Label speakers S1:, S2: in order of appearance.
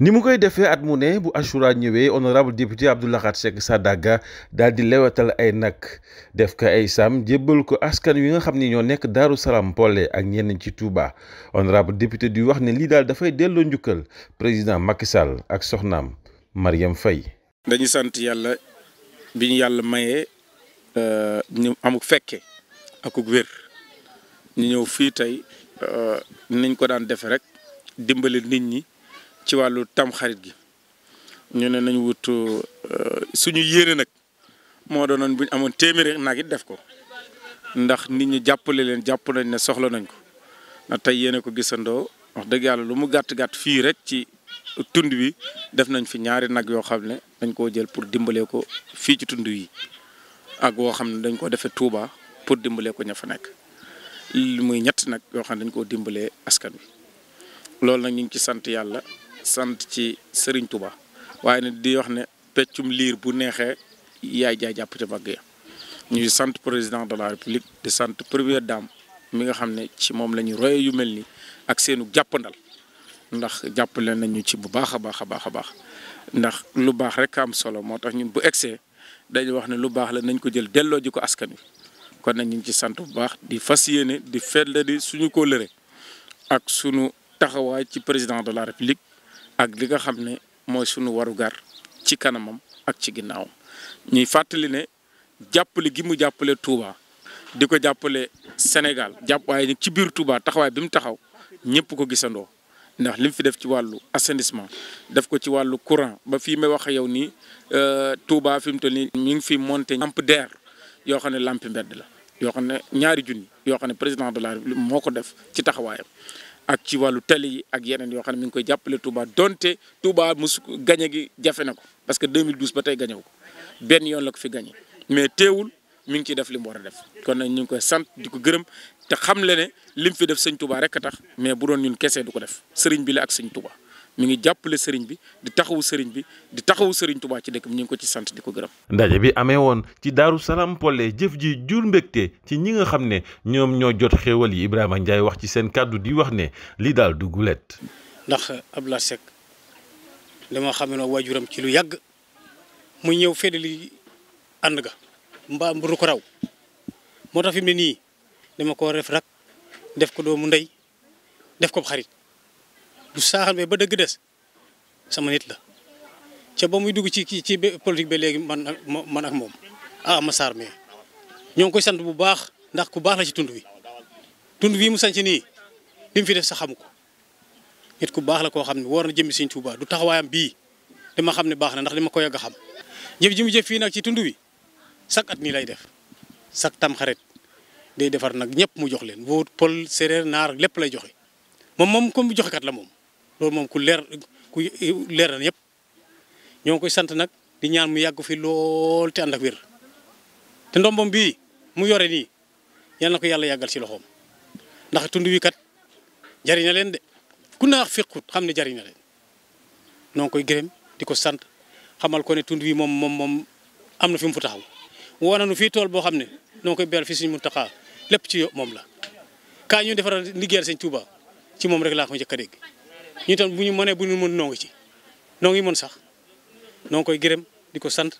S1: ni mu koy defee at mu ne bu Achoura ñëwee honorable député Abdou Lahad Seck Sadaga daal di lewetal ay nag def ko ay sàmm jëbbal ko askan wi nga xam ni ñoo nekk Daaru Salaam Polle ak ñenn ci Touba honorable député di wax ne lii daal dafay delloo njukkal président Macky Sall ak soxnaam Mariam Faye
S2: dañu sant yàlla bi ñu yàlla mayee euh, ñu amuk fekke akuk wér ñu ñëw fii tey euh, niñ ko daan defe rek dimbali nit ñi ci wàllu tamxarit gi ñu ne nañ wut euh, suñu yéene nag moo doonoon bu ñu amoon téeméeri nag it def ko ndax nit ñi jàppale leen jàpp nañ ne soxla nañ ko na tey yéene ko gisandoo wax dëgg yàlla lu mu gàtt gàtt fii rek ci tund wi def nañ fi ñaari nag yoo xam ne dañ koo jël pour dimbalee ko fii ci tund yi ak woo xam ne dañ ko defee Touba pour dimbale ko ña fa nekk muy ñett nag yoo xam ne dañ koo dimbalee askan wi loolu nag ñu ngi ci sant yàlla. sant ci Serigne Touba waaye nag di wax ne peccum liir bu neexee yaay jaay jàpp ca mag ya ñuy sant président de la république di sant première dame mi nga xam ne ci moom la ñu roye yu mel ni ak seenu jàppandal ndax jàpp jàppale nañu ci bu baax a baax a baax a baax ndax lu baax rek am solo moo tax ñun bu egsee dañu wax ne lu baax la nañ ko jël delloo ji ko askan wi kon nag ñu ci sant bu baax di fas yéene di fedd di suñu kóllëre ak sunu taxawaay ci président de la république ak li nga xam ne mooy sunu warugar ci kanamam ak ci ginnaaw ñuy fàttali ne jàppale gi mu jàppale Touba di ko jàppale Sénégal jàpp waaye ci biir Touba taxawaay bi mu taxaw ñëpp ko gisandoo ndax li mu fi def ci wàllu assendissement def ko ci wàllu courant ba fii may wax yow nii euh, Touba fi mu toll nii ñu ngi fi monte lampe der yoo xam ne lampe mbedd la yoo xam ne ñaari junni yoo xam ne président de la République moo ko def ci taxawaayam ak ci wàllu tali yi ak yeneen yoo xam ne mi ngi koy jàppale Touba donte Touba mus gañe gi jafe na ko parce que 2012 ba tey gañe ko benn yoon la ko fi gañe mais teewul mi ngi ciy def li mu war a def kon nag ñu ngi koy sant di ko gërëm te xam le ne lim fi def sëñ Touba rek a tax mais bu doon ñun kese du ko def sëriñ bi la ak sëñ Touba. mu ngi jàppale sëriñ bi di taxawu sëriñ bi di taxawu sëriñ Tuubaa ci dëkk bi ñu ngi ko ci sant di ko gërëm.
S1: ndaje bi amee woon ci Daaru Salaam Polle jëf ji jur mbégte ci ñi nga xam ne ñoom ñoo jot xéewal yi Ibrahima Ndiaye wax ci seen kàddu di wax ne li daal du gulet.
S3: ndax Abdoulaye Seck li ma xam ne waajuram ci lu yàgg mu ñëw fële ànd ga mbaa mburu ko raw moo tax fi mu ne nii dama ko ref rak def ko doomu ndey def ko xarit. du saaxal ba ba dëgg des sama nit la ca ba muy dugg ci ci politique ba léegi man ak man ak moom a ah, ma saar mais ñoo ngi koy sant bu baax ndax ku baax la ci tund wi tund wi mu sanc nii li mu fi def sa xamu ko nit ku baax la koo xam ne war na jëmmi Sëñ Tuubaa du taxawaayam bii dama xam ne baax na ndax dama ko yàgg a xam jëf ji mu jëf fii nag ci tund wi sak at nii lay def sak tam xarit day defar nag ñëpp mu jox leen bu pol séeréer naar lépp lay joxe moom moom comme joxekat la moom loolu moom ku leer ku leer na ñoo ngi koy sant nag di ñaan mu yàgg fi lool te ànd ak wér te ndombam bi mu yore nii yal na ko yàlla yàggal ci loxoom ndax tund wi kat jariñ leen de ku naax fekkut xam ne jariñ na leen noo koy gërëm di ko sant xamal ko ne tund wi moom moom moom am na fi mu fu taxaw woo nañu fii tool boo xam ne noo koy koy beral suñ mu Muntaxa lépp ci moom la kaa ñu defaral liggéeyal sëñ Tuuba ci moom rek laa ko njëkk dégg ñu tam bu ñu mënee bu ñu mën noo ngi ci noo ngi mën sax noo koy gërëm di ko sant.